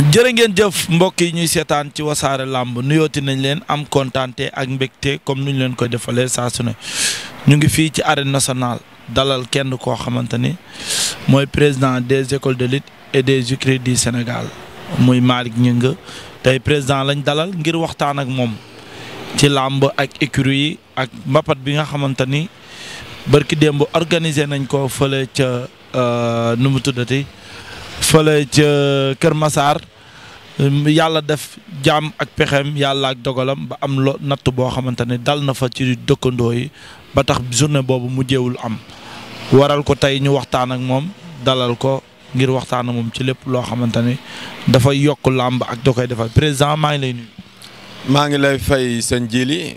jërë ngeen jëf mbokk yi ñuy seetaan ci wasaare làmb nuyooti nañ leen am kontaante ak mbégte comme nuñ leen koy defalee saa su ñu ngi fii ci arène nationale dalal kenn koo xamante ni mooy président des écoles de lutte et des écuries du Sénégal muy Malick Gningue tey président lañ dalal ngir waxtaan ak moom ci làmb ak écurie yi ak mbapat bi nga xamante ni barki démb organiser nañ ko fële ca euh, nu mu tuddati fële ca Kër masaar um, yàlla def jaam ak pexem yàlla ak dogalam ba am lo natt boo xamante ne dal na fa ci dëkkandoo yi ba tax journée boobu mu mujjewul am waral ko tey ñu waxtaan ak moom dalal ko ngir waxtaan ak moom ci lépp loo xamante ne dafa yokk làmb ak da koy defal président maa ngi lay nuyu. maa ngi lay fay sëñ Jili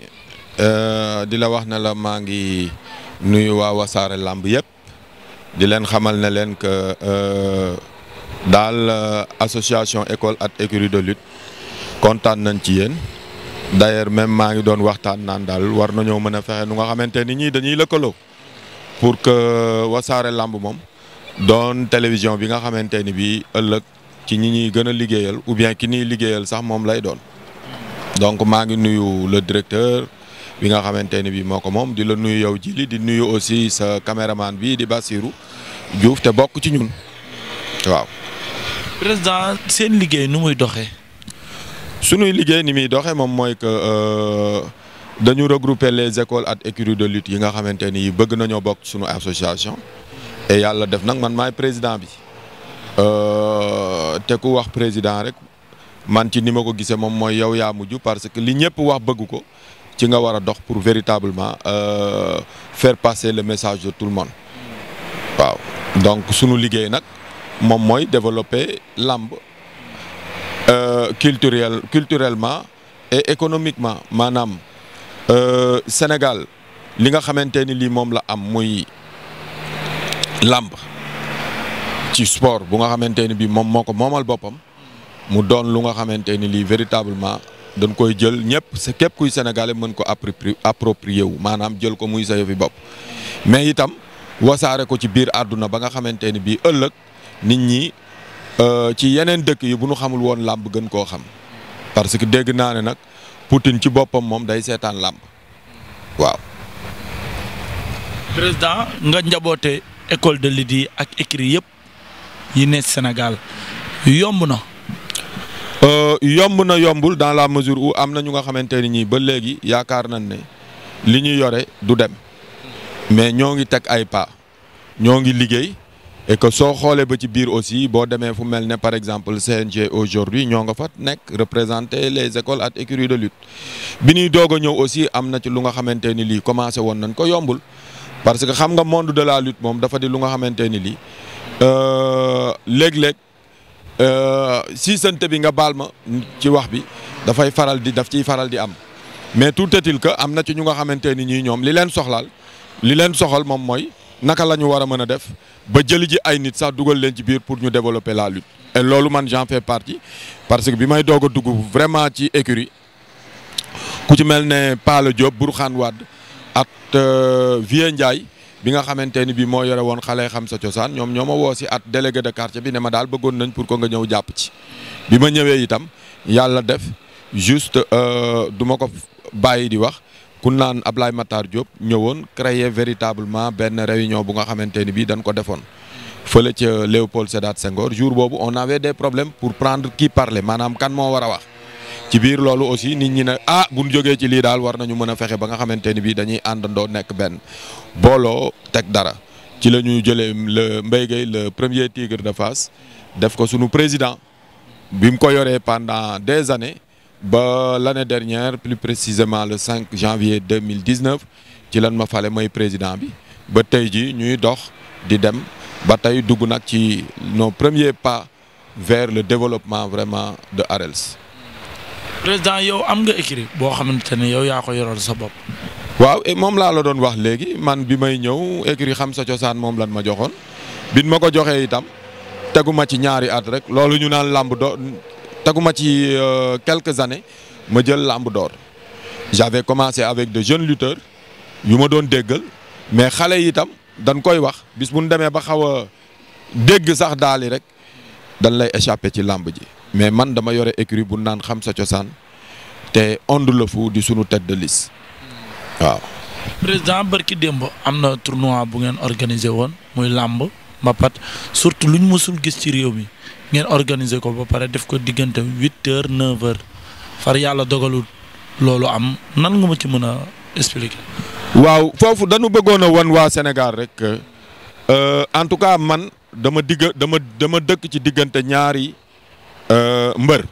euh, di la wax ne la maa ngi nuyu waa wasaare làmb yëpp di leen xamal na leen que. Euh, daal euh, association école ak écurie de lutte kontaan nañ ci yéen d'ailleurs même maa ngi doon waxtaan naan daal war nañoo mën a fexe nu nga xamante ni ñii dañuy lëkkaloo pour que euh, wasaare làmb moom doon télévision bi nga xamante ni bii ëllëg ci ñi ñuy gën a liggéeyal ou bien ki ñuy liggéeyal sax moom lay doon. donc maa ngi nuyu le directeur bi nga xamante ni bii moo ko moom di la nuyu yow jili di nuyu aussi sa caméraman bi di bassiru Diouf te bokk ci ñun waaw. président seen liggéey nu muy doxee. sunuy liggéey ni muy doxee moom mooy que euh, dañu regrouper les écoles ak écuries de lutte yi nga xamante ni bëgg nañoo bokk sunu association. et yàlla def nag man maay président bi euh, te ku wax président rek man ci ni ma ko gisee moom mooy yow yaa mujj parce que li ñëpp wax bëgg ko ci nga war a dox pour véritablement euh, faire passer le message de tout le monde waaw donc sunu liggéey nag. moom mooy développer làmb euh, culturel culturellement et économiquement maanaam euh, Sénégal li nga xamante ni lii moom la am muy làmb ci sport bu nga xamante ni bii moom moo ko moomal boppam mu doon lu nga xamante ni lii véritablement dañ koy jël ñëpp sa képp kuy sénégalais mën ko appropri approprié wu maanaam jël ko muy sa yëfi bopp mais itam wasaare ko ci biir àdduna ba nga xamante ni bii ëllëg. nit ñi euh, ci yeneen dëkk yi bu ñu xamul woon làmb gën koo xam parce que dégg naa ne nag Poutine ci boppam moom day seetaan làmb waaw. président nga njaboote école de lutte ak écrit yëpp yi ne Sénégal yomb na. Euh, yomb na yombul dans la mesure où am na ñu nga xamante ni ñii ba léegi yaakaar nañ ne li ñu yore du dem mais ñoo ngi teg ay pas ñoo ngi liggéey. et que soo xoolee ba ci biir aussi boo demee fu mel ne par exemple CNG aujourd'hui ñoo nga fa nekk représenter les écoles ak écuries de lutte bi ñuy doog a ñëw aussi am na ci lu nga xamante ni lii commencé woon nañ ko yombul parce que xam nga monde de la lutte moom dafa di lu nga xamante ni lii euh, léeg-léeg euh, si bi nga baal ma ci wax bi dafay faral di daf ciy faral di am mais tout est-il am na ci ñu nga xamante ni ñii ñoom li leen soxlaal li leen soxal moom mooy naka la ñu war a mën a def ba jëli ji ay nit sax dugal leen ci biir pour ñu développer la loolu man j'en fais partie parce que bi may doog a dugg vraiment ci écurie ku ci mel ne Paala Diop Burkhane Wade at euh, Vieux Ndiaye bi nga xamante ni bi moo yore woon xale xam sa cosaan ñoom ñoo ma woo si at délégué de quartier bi ne ma daal bëggoon nañ pour ko nga ñëw jàpp ci bi ma ñëwee itam yàlla def juste euh, du ma ko bàyyi di wax ku naan Ablaye Matar Diop ñëwoon créer véritablement benn réunion bu nga xamante ni bii dañ ko defoon fële ca Léopold Sédar Senghor jour boobu on avait des problèmes pour prendre qui parler maanaam kan moo war wax ci biir loolu aussi nit ñi ne ah bu ñu ci lii daal war nañu mën a fexe ba nga xamante ni bii dañuy àndandoo nekk benn booloo teg dara ci la ñuy jëlee le Mbaye Gueye premier tigre de Fass def ko sunu président bi ko yoree pendant des années ba l'année dernière plus précisément le 5 janvier 2019 ci lan ma fale mooy président bi ba tey ji ñuy dox di dem ba tey dugg nag ci nos premiers pas vers le développement vraiment de ARELS. président yow am nga écrit boo xamante ne yow yaa ko yoral sa bopp. waaw moom laa la doon wax léegi man bi may ñëw écrit xam sa cosaan moom lan ma joxoon bin ma ko joxe itam teguma ci ñaari at rek loolu ñu naan làmb do taguma ci euh, quelques années ma jël làmb door j'avais commencé avec de jeunes lutteurs yu ma doon déggal mais xale yitam itam dañ koy wax bis bu ñu demee ba xaw a dégg sax daali rek dan lay échappé ci làmb ji mais man dama yore écurie bu naan xam sa cosaan te Onde le di sunu tête de liste waaw. président barki démb am na tournoi bu ngeen organisé woon muy làmb ma mbapat surtout lu ñu mësul gis ci réew mi ngeen organiser ko ba pare def ko diggante huit heures neuf heures far yàlla dogalul loolu am nan nga ma ci mën a expliquer. waaw foofu dañu bëggoon a wan waa senegal rek euh, en tout cas man dama digg dama dama dëkk ci diggante ñaari euh, mbër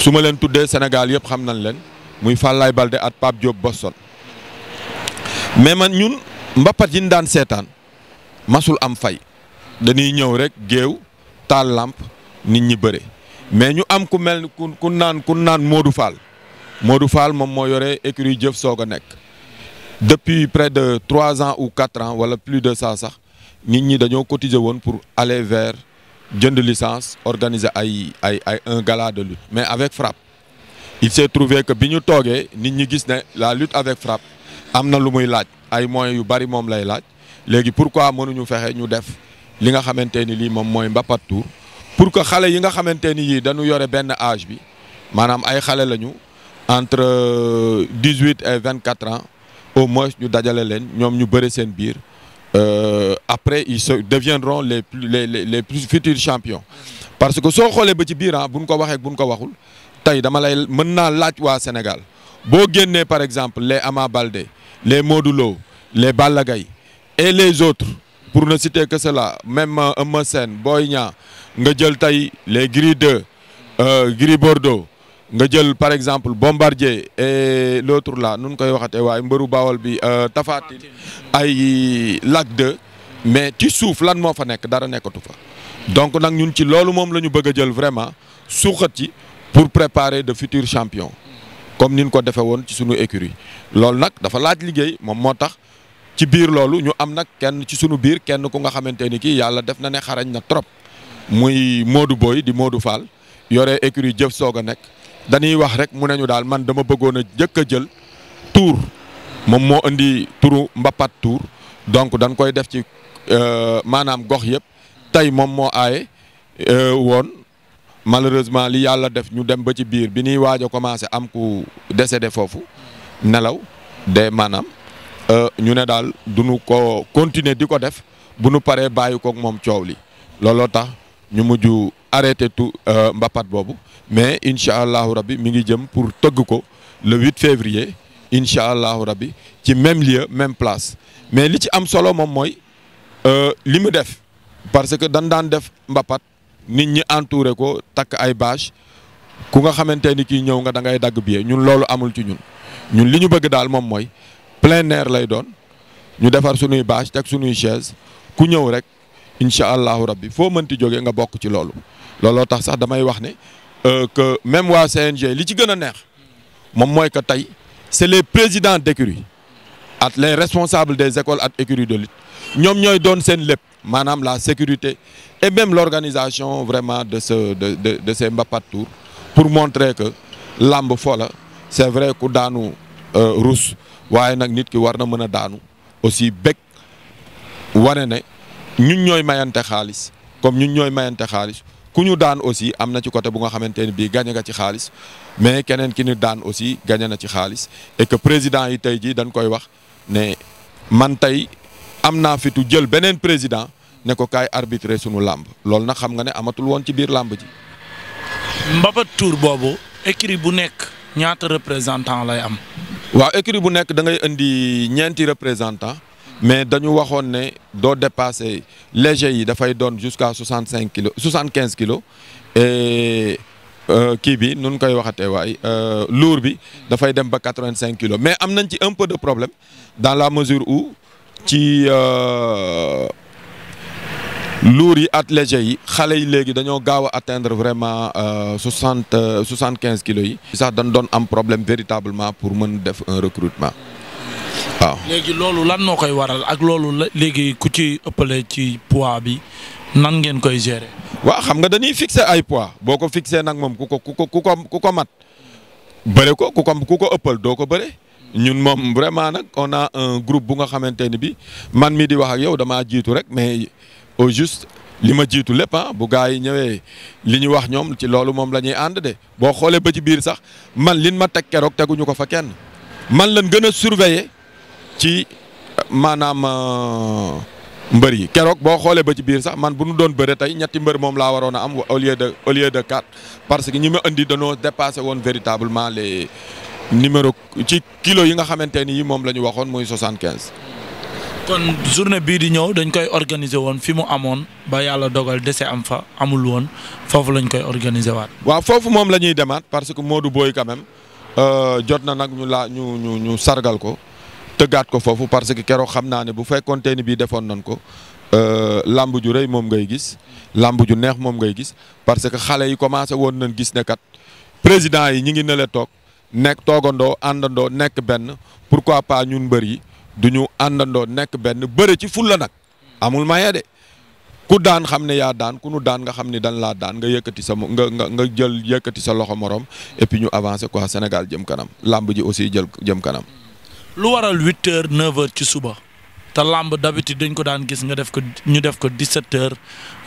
su ma leen tuddee Sénégal yëpp xam nañ leen muy Fallaye Balde at Pape Diop Boston mais man ñun mbapat yi ñu daan seetaan masul am fay dañuy ñëw rek taal làmp nit ñi bëre mais ñu am ku mel ku ku naan ku naan Modou Fall moom moo yore écurie jëf soog a nekk depuis près de trois ans ou quatre ans wala plus de ça sax nit ñi dañoo cotiser woon pour aller vers jënd licence organiser ay ay ay un gala de lutte mais avec frappe il s'est trouvé que bi ñu toogee nit ñi gis ne la lutte avec frappe am na lu muy laaj ay moyens yu bari moom lay laaj léegi pourquoi mënuñu fexe ñu def li nga xamante ni lii moom mooy mbapat tour pour que xale yi nga xamante ni yii dañu yore benn age bi maanaam ay xale lañu entre dix huit et vingt quatre ans au moins ñu dajale leen ñoom ñu bëre seen biir euh, après ils se deviendront les plus les les plus futurs champions. parce que soo xoolee ba ci biir ah bu ñu ko waxee bu ñu ko waxul tey dama lay mën naa laaj waa Sénégal boo génnee par exemple les Ama Baldé les Modou les Balla Gaye et les autres. pour ne citer que cela même euh, Eumeu Sène Boy Niang nga jël tey les Gris 2 euh, Gris Bordeaux nga jël par exemple Bombardier et l'autre la nun koy waxatee waaye mbaru Bawol bi euh, Tapha Tine ay Lac 2 mais ci suuf lan moo fa nekk dara nekkatu fa donc nag ñun ci loolu moom la ñu bëgg a jël vraiment suuxat ci pour préparer de futurs champion comme ni ko defee woon ci suñu écurie loolu nag dafa laaj liggéey moom moo tax ci biir loolu ñu am nag kenn ci sunu biir kenn ku nga xamante ni kii yàlla def na ne xarañ na trop muy Modou booy di Modou Fall yore écurie jëf soog a nekk dañuy wax rek mu ne ñu daal man dama bëggoon a jëkk a jël tour moom moo indi turu mbapat tour donc dañ koy def ci euh, maanaam gox yëpp tey moom moo aaye euh, woon malheureusement li yàlla def ñu dem ba ci biir bi ñuy waaj a commencé am ku décédé foofu nelaw de maanaam. Euh, ñu ne daal du ñu ko continuer di ko def bu nu paree bàyyi kook moom coow li looloo tax ñu mujj arrêté tout euh, mbapat boobu mais incha allahu rabbi mu ngi jëm pour tëgg ko le 8 février incha allahu rabbi ci même lieu même place mais li ci am solo moom mooy euh, li mu def parce que dañ daan def mbapat nit ñi entouré ko takk ay bâche ku nga xamante ni kii ñëw nga dangay ngay dagg billet ñun loolu amul ci ñun ñun li ñu bëgg daal moom mooy plein air lay doon ñu defar suñuy bâche teg suñuy chaise ku ñëw rek incha allahu rabbi foo mënti jógee nga bokk ci loolu. looloo tax sax damay wax ne euh, que même waa CNG li ci gën a neex moom mooy que tey c'est les président d'écurie at les responsables des écoles ak écurie de lutte ñoom ñooy doon seen lépp maanaam la sécurité et même l'organisation vraiment de ce de de de ces mbapat tour pour montrer que lamb fo la c'est vrai ku daanu. Euh, rus waaye nag nit ki war na mën a daanu aussi bëgg wane ne ñun ñooy mayante xaalis comme ñun ñooy mayante xaalis ku ñu daan aussi am na ci côté bu nga xamante ne bii gañe nga ci xaalis mais keneen ki ñu daan aussi gañe na ci xaalis et que président yi tey jii dañ koy wax ne man tey am naa fitu jël beneen président ne ko kaay arbitré sunu làmb loolu nag xam nga ne amatul woon ci biir làmb ji. Mbapat Tour boobu écrit bu nekk ñaata représentant lay am. waaw écurie bu nekk da ngay indi ñeenti représentant mais dañu waxoon ne doo dépasser léger yi dafay doon jusqu'à soixante cinq kilos soixante quinze kilos et euh, kii bi nu koy waxatee waay euh, lourd bi dafay dem ba quatre cinq kilos mais am nañ ci un peu de problème dans la mesure où ci. Euh, lourd yi at léger yi xale yi léegi dañoo gaaw a atteindre vraiment euh, soixante euh, soixante quinze kilos yi. sax dañ doon am problème véritablement pour mën def un recrutement waaw. léegi loolu lan moo koy waral ak loolu léegi ku ci ëppale ci poids bi nan ngeen koy gérer. waaw xam nga dañuy fixer ay poids boo ko fixer nag moom ku ko ku ko ku ko mat bëre ko ku ko ku ko ëppal doo ko bëre. ñun moom vraiment nag on a un groupe bu nga xamante ni bi man mi di wax ak yow damaa jiitu rek mais. au juste li ma jiitu lépp ah bu gars yi ñëwee li ñu wax ñoom ci loolu moom la ñuy ànd de boo xoolee ba ci biir sax man lin ma teg keroog teguñu ko fa kenn man lañ gën a surveiller ci maanaam euh, mbër yi keroog boo xoolee ba ci biir sax man bu nu doon bëre tey ñetti mbër moom laa waroon a am au lieu de au lieu de quatre parce que ñi ma indi danoo dépassé woon véritablement les numéro ci kilos yi nga xamante ni moom la ñu waxoon muy soixante-quinze kon journée bii di ñëw dañ koy organiser woon fi mu amoon ba yàlla dogal dese am fa amul woon foofu lañ koy organiser waat. waaw foofu moom la ñuy demaat parce que Modou Boy quand même euh, jot na nag ñu laa ñu ñu ñu sargal ko tëggaat ko foofu parce que keroog xam naa ne bu fekkoonte ni bii defoon nañ ko. Euh, lamb ju rey moom ngay gis làmb ju neex moom ngay gis parce que xale yi commencé woon nañ gis ne kat président yi ñi ngi ne toog nekk toogandoo àndandoo nekk benn pourquoi pas ñun mbër yi. du ñu àndandoo nekk benn bëre ci fulla nag amul maye de ku daan xam ne yaa daan ku nu daan nga xam ne daan laa daan nga yëkkati sa nga nga nga jël yëkkati sa loxo morom et ñu avancer quoi Sénégal jëm kanam làmb ji aussi jël jëm kanam. lu waral huit heures neuf ci suba te làmb d'habitude dañ ko daan gis nga def ko ñu def ko dix-sept heures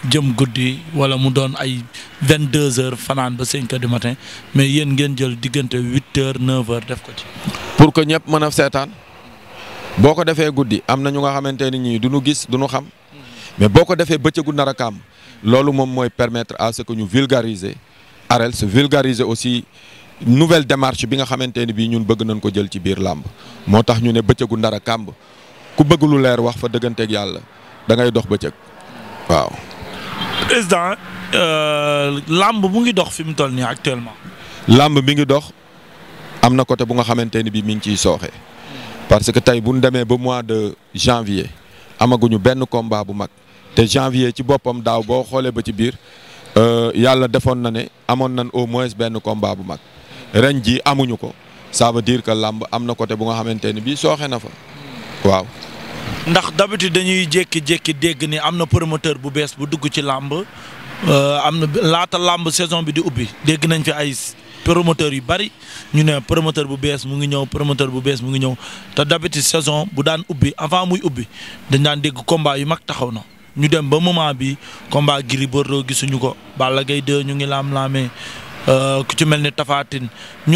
jëm guddi wala mu doon ay vingt-deux heures fanaan ba cinq heures du matin mais yéen ngeen jël diggante huit heures neuf def ko ci. pour que ñëpp mën a seetaan. boo ko defee guddi am na ñu nga xamante ni ñii du ñu gis du ñu xam mais boo ko defee bëccëgu nar a kaam loolu moom mooy permettre à ce que ñu vulgariser arel se aussi nouvelle démarche bi nga xamante ni bii ñun bëgg nañ ko jël ci biir làmb moo tax ñu ne bëccëgu ndar a kàmb ku bëgg lu leer wax fa dëgganteeg yàlla da ngay dox bëccëg waaw. président euh, làmb mu ngi dox fi mu toll nii actuellement. làmb mi ngi dox am na côté bu nga xamante ni bii mi ngi ciy sooxe. parce que tey bu ñu demee ba mois de janvier amaguñu benn combat bu mag te janvier ci boppam daaw boo xoolee ba ci biir euh, yàlla defoon na ne amoon nañ au moins benn combat bu mag ren ji amuñu ko ça veut dire que làmb am na côté bu nga xamante ne bii sooxe na fa waaw. ndax d'habitude dañuy jékki-jékki dégg ni am na promoteur bu bees bu dugg ci làmb euh, am na laata làmb saison bi di ubbi dégg nañ fi ay. promoteur yu bari ñu ne promoteur bu bees mu ngi ñëw promoteur bu bees mu ngi ñëw te d'habitude saison bu daan ubbi avant muy ubbi dañ daan dégg combat yu mag taxaw na ñu dem ba moment bi combat giri Bordeaux gisuñu ko bala Gaye 2 ñu ngi laam-laamee euh, ku ci mel ni ñoo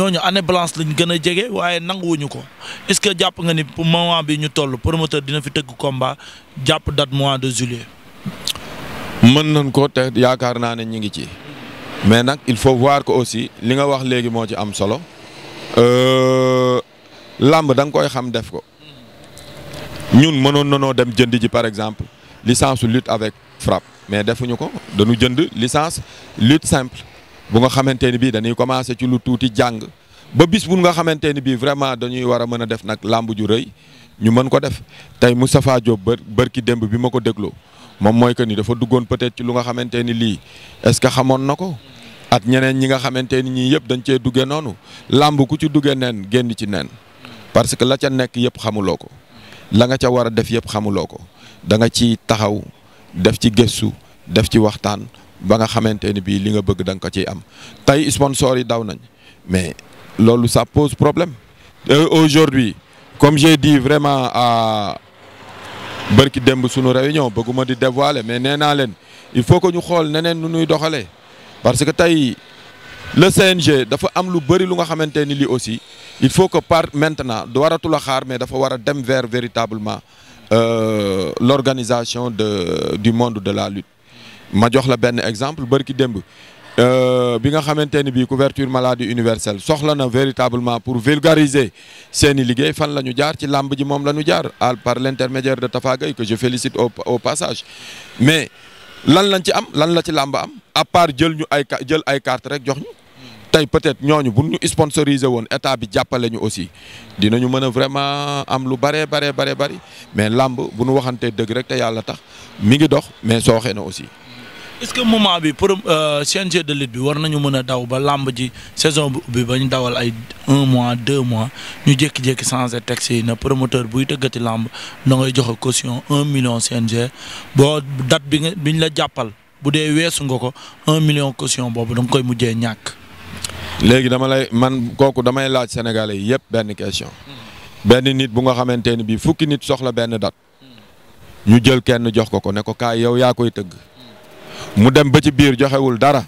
ñooñu année blanche lañ gën a jege waaye nanguwuñu ko est-ce que jàpp nga ni pour moment bi ñu toll promoteur dina fi tëgg combat jàpp date mois de juillet. mën nañ ko te yaakaar naa ne ñu ngi ci. mais nag il faut voir ko aussi li nga wax léegi moo ci am solo euh, làmb da nga koy xam def ko ñun mënoon nanoo dem jënd ji par exemple licence lutte avec frappe mais defuñu ko dañu jënd licence lutte simple bu nga xamante ni bii dañuy commencé ci lu tuuti jàng ba bis bu nga xamante ni bii vraiment dañuy war a mën a def nag làmb ju rëy ñu mën ko def tey Moustapha Diop bër bërki démb bi ma ko dégloo moom mooy que ni dafa duggoon peut-être ci lu nga xamante ni lii est-ce que xamoon na ko at ñeneen ñi nga xamante ni ñii yëpp dañ cee duggee noonu làmb ku ci duggee neen génn ci neen parce que la ca nekk yëpp xamuloo ko la nga ca war a def yëpp xamuloo ko da nga ci taxaw def ci gëstu def ci waxtaan ba nga xamante ni bii li nga bëgg da nga ko ciy am tey sponsor yi daw nañ mais loolu sax pose problème aujourd'hui comme j'ai dit vraiment à bërki démb suñu réunion bëgguma di dévoiler mais nee naa leen il faut que ñu xool neneen nu ñuy doxalee parce que tey le CNG dafa am lu bëri lu nga xamante ni lii aussi il faut que par maintenant du waratul a xaar mais dafa war a dem vers véritablement euh, l'organisation de du monde de la lutte ma jox la benn exemple bërki démb Euh, bi nga xamante ni bii couverture maladie universelle soxla na véritablement pour vulgariser seen liggéey fan la ñu jaar ci làmb ji moom la ñu jaar par l'intermédiaire de Tafa Gueye que je félicite au passage mais lan lañ ci am lan la ci làmb am à part jël ñu ay jël ay carte rek jox ñu tey peut-être ñooñu bu ñu sponsorisé woon état bi jàppale ñu aussi dinañu mën a vraiment am lu bëree baree baree bëri mais làmb bu nu waxantee dëgg rek te yàlla tax mi ngi dox mais sooxe na aussi. est-ce que moment bi pour euh, CNG de lutte bi war nañu mën a daw ba làmb ji saison bu ubbi ba ñu dawal ay un mois deux mois ñu jékki-jékki changé texte si na promoteur buy tëggati làmb da ngay joxe caution un million CNG boo dat bi nga bi ñu la jàppal bu dee weesu nga ko un million caution boobu da koy mujjee ñàkk. léegi dama lay man kooku damay laaj sénégalais yëpp benn question. benn nit bu nga xamante ni bii fukki nit soxla benn date. Hmm. ñu jël kenn jox ko ko ne ko yow yaa koy tëgg. mu dem ba ci biir joxewul dara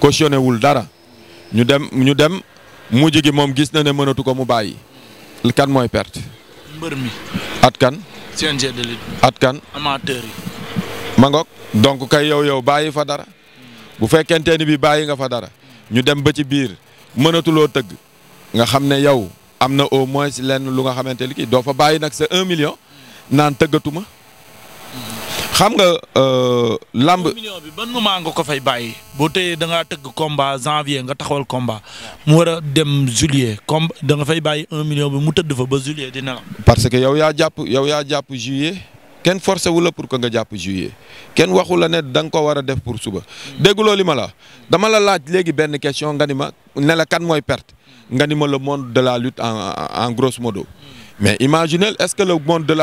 cautionné wul dara ñu dem ñu dem mujj gi moom gis na ne mënatu ko mu bàyyi kan mooy perte. mbër mi. at kan. CNG at kan. amateur yi. ma ngoog donc kay yow yow bàyyi fa dara hmm. bu fekkente ni bi bàyyi nga fa dara ñu dem ba ci biir mënatuloo tëgg nga xam ne yow am na au moins lenn lu nga xamante ni kii doo fa bàyyi nag sa un million hmm. naan tëggatuma. xam nga euh, lamb. million bi ban moment nga ko fay bàyyi boo tëyee da ngaa tëgg combat janvier nga taxawal combat mu war a dem juillet comme da nga fay bàyyi un million bi mu tëdd fa ba juillet di la. parce que yow yaa jàpp yow yaa jàpp juillet kenn forcé wu la pour que nga jàpp juillet kenn waxu la ne danga nga ko war a def pour suba. Hmm. dégguloo li ma la dama la laaj léegi benn question nga ni ma ne kan mooy perte hmm. nga ni ma le monde de la lutte en en grosso modo hmm. mais imaginez est-ce que le monde de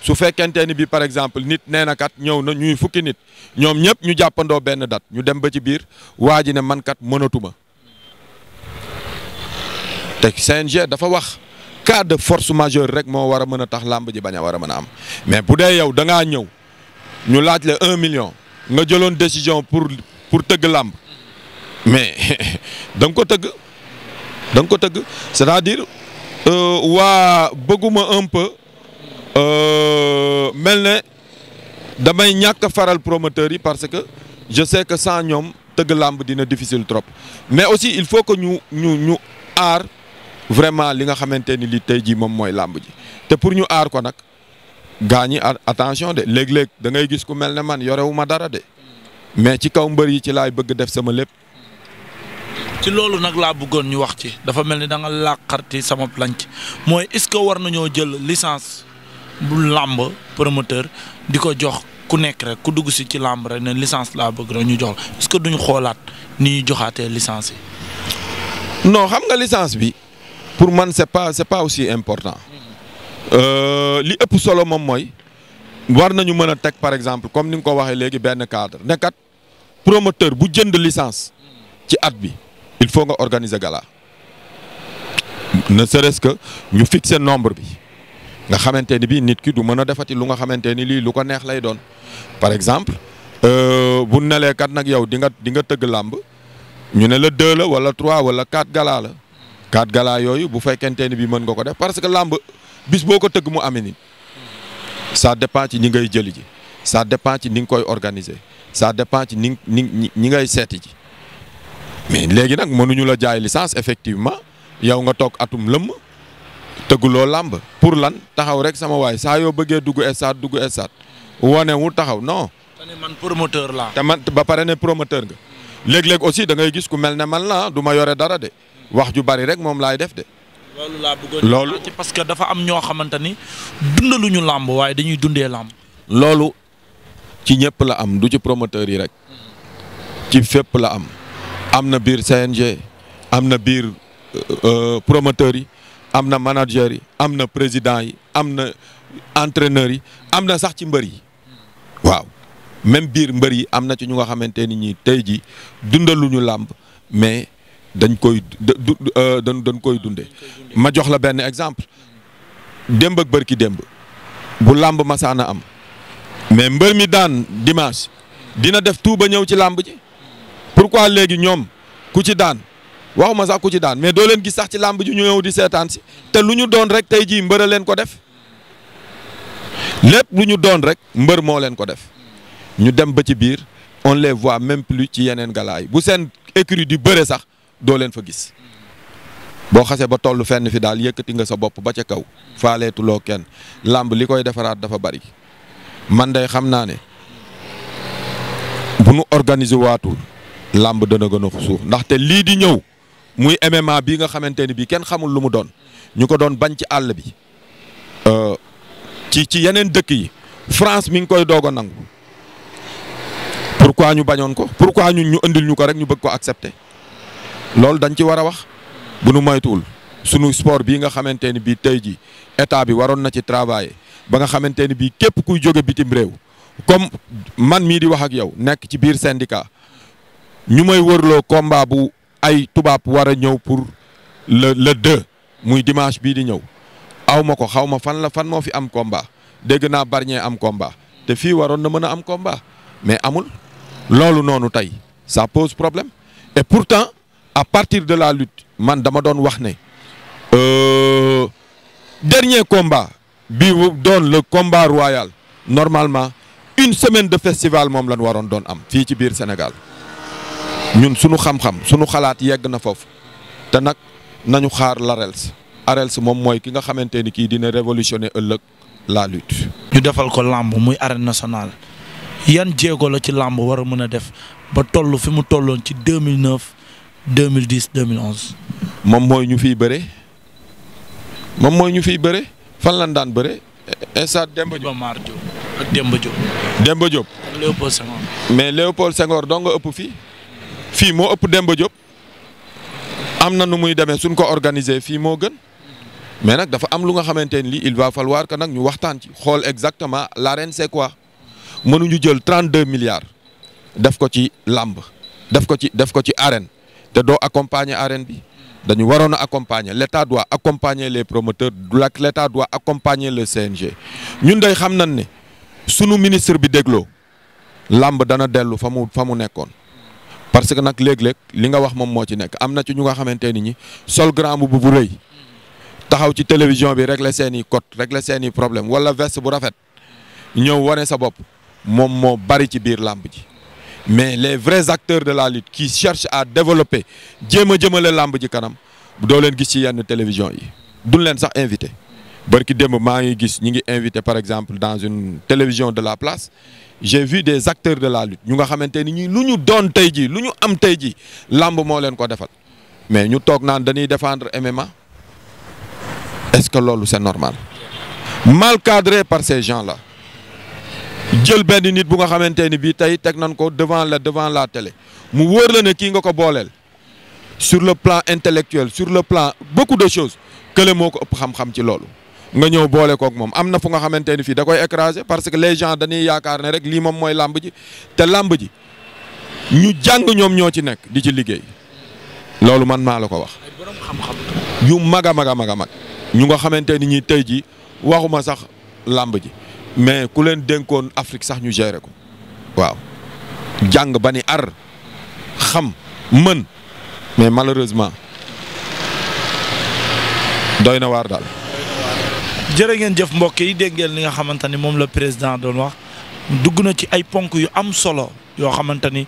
su fekkente ni bi par exemple nit nee na ñëw na ñuy fukki nit ñoom ñëpp ñu jàppandoo benn date ñu dem ba ci biir waa ji ne mankat kat mënatuma te CNG dafa wax cas de force majeure rek moo war a mën a tax làmb ji bañ a war a mën a am mais bu dee yow da ñëw ñu laaj la un million nga jëloon décision pour pour tëgg làmb mais da ko tëgg da nga ko tëgg c'est-à-dire euh, waa bëgguma un peu. Euh, mel ne damay ñàkk faral promoteurs yi parce que je sais que sant ñoom tëgg làmb dina difficile trop mais aussi il faut que ñu ñu ñu aar vraiment li nga xamante ni li tey jii moom mooy làmb ji te pour ñu aar ko nag gaa ñi attention de léeg-léeg da ngay gis ku mel ne man yorewu ma dara de mais ci kaw mbër yi ci laay bëgg def sama lépp. ci loolu nag laa buggoon ñu wax ci dafa mel ni da nga sama planche mooy est-ce que war nañoo jël licence. bu làmb promoteur di ko jox ku nekk rek ku dugg si ci làmb rek ne licence laa bëgg rek ñu jox est-ce que duñu xoolaat ni ñuy joxaatee licence yi. non xam nga licence bi pour man c'est pas c'est pas aussi important euh, li ëpp solo moom mooy war nañu mën a teg par exemple comme ni nga ko waxee léegi benn cadre nekkat kat promoteur bu jënd licence ci at bi il faut nga organiser gala ne serait-ce que ñu fixer nombre bi. nga xamante ni bii nit ki du mën a defati lu nga xamante ni lii lu ko neex lay doon par exemple euh, bu nelee kat nag yow di nga di nga tëgg làmb ñu ne la deux la wala trois wala quatre gala la quatre gala yooyu bu fekkente ni bii mën nga ko def parce que làmb bis boo ko tëgg mu amee ni ça dépend ci ñi ngay jëli ji saa dépend ci ni nga koy organiser saa dépend ci ni ni ngay seeti ji mais léegi nag mënuñu la jaay licence effectivement yow nga toog atum lëmm. loo làmb pour lan taxaw rek sama waay saa yoo bëggee dugg stade dugg stade wane wu taxaw non. man promoteur laa. te ba pare ne promoteur nga. léeg-léeg aussi da ngay gis ku mel ne man la du ma yore dara de wax ju bari rek moom laay def de. loolu laa parce que dafa am ñoo xamante ni dundaluñu làmb waaye dañuy dundee làmb. loolu ci ñëpp la am du ci promoteur yi rek. ci fépp la am. am na biir CNG am na biir euh, euh, promoteur yi am na manager yi am na président yi am na entraîneur yi am na sax ci mbër yi waaw même biir mbër yi am na ci ñu nga xamante ni ñi tey ji dundaluñu làmb mais dañ koy euh, dañ dañ koy dunde ma jox la benn exemple démb ak bërki démb bu làmb masaana am mais mbër mi daan dimanche dina def tout ba ñëw ci làmb ji pourquoi léegi ñoom ku ci daan waxuma sax ku ci daan mais doo leen gis sax ci làmb ji ñu ñëw di seetaan si te lu ñu doon rek tey jii mbër a leen ko def lépp lu ñu doon rek mbër moo leen ko def ñu dem ba ci biir on les voit même plus ci yeneen galaay bu seen écurie di bëre sax doo leen fa gis boo xasee ba toll fenn fi daal yëkkati nga sa bopp ba ca kaw faaleetuloo kenn làmb li koy defaraat dafa bari man day xam naa ne bu nu organiser waatu làmb dana gën a suuf ndaxte lii di ñëw. muy MMA bii nga xamante ni bii kenn xamul lu mu doon ñu ko doon bañ ci àll bi euh, ci ci yeneen dëkk yi France mi ngi koy doog a pour quoi ñu bañoon ko pour ñun ñu indil ñu ko rek ñu bëgg ko accepter loolu dañ ci war a wax bu nu moytuwul sunu sport bii nga xamante ni bii tey jii état bi waroon na ci travailler ba nga xamante ni bii képp kuy jóge bitim réew comme man mii di wax ak yow nekk ci biir syndicat ñu may wërloo combat bu. ay tubaab war a ñëw pour le le muy dimanche bii di ñëw aw ko xaw ma fan la fan moo fi am combat dégg naa Bargny am combat te fii waroon na mën a am combat mais amul loolu noonu tey sa pose problème et pourtant à partir de la lutte man dama doon wax ne euh, dernier combat bi doon le combat royal normalement une semaine de festival moom lañ waroon doon am fii ci biir Sénégal ñun suñu xam-xam suñu xalaat yegg na foofu te nag nañu xaar l'AREELS AREELS moom mooy ki nga xamante ni kii dina révolutionner ëllëg la lutte. ñu defal ko làmb muy arène nationale yan jéego la ci làmb wara mën a def ba toll fi mu tolloon ci 2009 2010 2011. moom mooy ñu fiy bëre moom mooy ñu fiy bëre fan lañ daan bëre. stade Demba Diop ak Demba mais Léopold Senghor doo nga ëpp fii. fii moo ëpp Demba Diop am na nu muy demee suñ ko organiser fii moo gën mais nag dafa am lu nga xamante ne lii il va falloir que nag ñu waxtaan ci xool exactement l'arène c'est quoi mënuñu jël 32 milliards def ko ci làmb def ko ci def ko ci arène te doo accompagner arène bi dañu waroon a accompagner l'État doit accompagner les promoteurs l'État doit accompagner le CNG ñun day xam na ni sunu ministre bi dégloo làmb dana dellu fa mu fa mu nekkoon. parce que nag léeg-léeg li nga wax moom moo ci nekk am na ci ñu nga xamante ni ñi sol grand bu bu rëy taxaw ci télévision bi rek la seeni cote rek la seeni problème wala veste bu rafet ñëw wane sa bopp moom moo bari ci biir làmb ji mais les vrais acteurs de la lit qui cherchent à développer jéem a jëmale làmb ji kanam doo leen gis ci yenn télévision yi duñ leen sax invité barki démb maa ngi gis ñi ngi invité par exemple dans une télévision de la place j'ai vu des acteurs de la lutte ñu nga xamante ni ñi lu ñu doon tey ji lu ñu am tey jii làmb moo leen ko defal mais ñu toog naan dañuy défendre MMA est-ce que loolu c'est normal mal cadré par ces gens la jël benn nit bu nga xamante ni bii tey teg nañ ko devant la devant la télé mu wóor la ne kii nga ko booleel sur le plan intellectuel sur le plan beaucoup de choses kële moo ko ëpp xam ci loolu nga ñëw boole kook moom am na fu nga xamante ni fii da koy écraser parce que les gens dañuy yaakaar ne rek li moom mooy làmb ji te làmb ji ñu jàng ñoom ñoo ci nekk di ci liggéey loolu man maa la ko wax. borom xam yu mag a mag a mag a mag ñu nga xamante ni ñi tey ji waxuma sax làmb ji mais ku leen dénkoon Afrique sax ñu gérer ko waaw jàng ba ni ar xam mën mais malheureusement doy na waar daal. jërë ngeen jëf mbokk yi dégg ngeen li nga xamante ni moom la président doon wax dugg na ci ay ponk yu am solo yoo xamante ni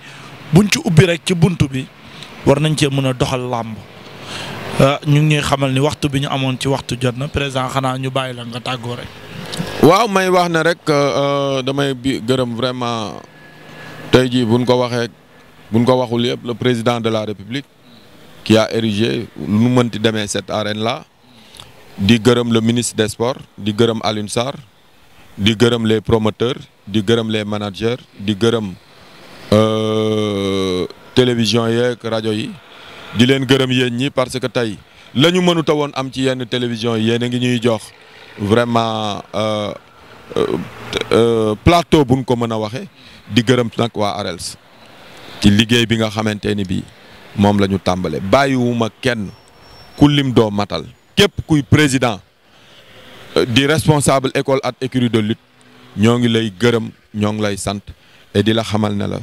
buñ ci ubbi rek ci bunt bi war nañ cee mën a doxal làmb euh, ñu ngi xamal ni waxtu bi ñu amoon ci waxtu jot na président xanaa ñu bàyyi la nga tàggoo rek. waaw may wax na rek euh, euh, damay bi gërëm vraiment tey jii buñ ko waxee buñ ko waxul yëpp le président de la république qui a érigé lu mu mënti demee cette arène la di gërëm le ministre des sports di gërëm Alioune Sarr di gërëm le promoteurs di gërëm les managers di gërëm euh, télévision yeeg rajo yi di leen gërëm yéen ñi parce que tey la ñu mënut a woon am ci yenn télévision yi yéen a ngi ñuy jox vraiment euh, euh, plateau buñ ko mën a waxee di gërëm nag waa ARELS ci liggéey bi nga xamante ni bii moom la ñu tàmbale bàyyiwuma kenn ku lim matal. képp kuy président euh, di responsable école ak écurie de lutte ñoo ngi lay gërëm ñoo ngi lay sant et di la xamal ne la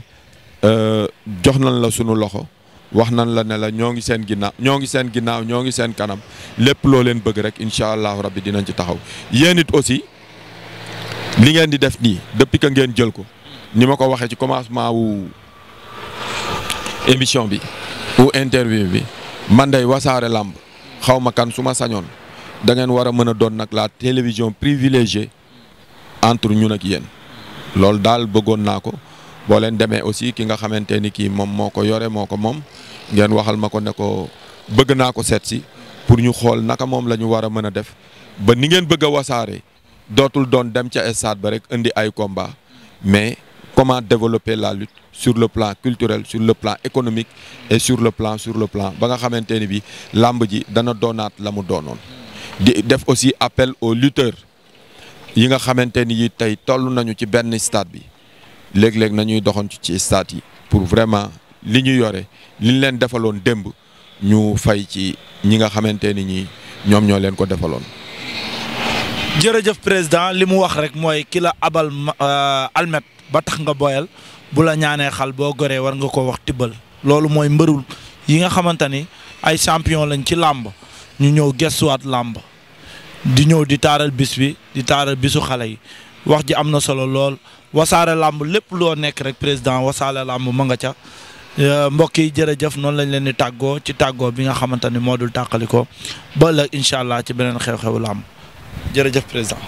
euh, jox nañ la sunu loxo wax na la ne la ñoo ngi seen ginnaaw ñoo ngi seen ginnaaw ñoo ngi seen kanam lépp loo leen bëgg rek incha allahu rabbi dinañ ci taxaw yéen it aussi li ngeen di def nii depuis que ngeen jël ko ni ma ko waxee ci commencement wu émission bi ou interview bi man day wasaare làmb xaw ma kan su ma sañoon da ngeen war a mën a doon nag la télévision privilégiée entre ñu ak yéen loolu daal bëggoon naa ko boo leen demee aussi ki nga xamante ni kii moom moo ko yore moo ko moom ngeen waxal ma ko ne ko bëgg naa ko seet si pour ñu xool naka moom la ñu war a mën a def ba ni ngeen bëgg a wasaare dootul doon dem ca stade ba rek indi ay combat mais comment développer la lutte sur le plan culturel sur le plan économique et sur le plan sur le plan ba nga xamante ni bi làmb ji dana doonaat la mu doonoon di def aussi appel au lutteurs yi nga xamante ni yi tey toll nañu ci benn stade bi léeg-léeg nañuy doxantu ci stade yi pour vraiment li ñu yore li leen defaloon démb ñu fay ci ñi nga xamante ni ñi ñoom ñoo leen ko defaloon jërëjëf président li mu wax rek mooy ki la abal euh, almet ba tax nga boyal bu la ñaanee xal boo goree war nga ko wax tibbal loolu mooy mbërul yi nga xamante ni ay champion lañ ci làmb ñu ñëw gestuwaat làmb di ñëw di taaral bis bi di taaral bisu xale yi wax ji am na solo lool wasaare làmb lépp loo nekk rek président wasaare làmb ma nga ca euh, mbokk yi jërëjëf noonu lañ leen di tàggoo ci tàggoo bi nga xamante ni moo dul tàqaliko ba ëllëg incha allah ci beneen xew-xewu làmb jërëjëf président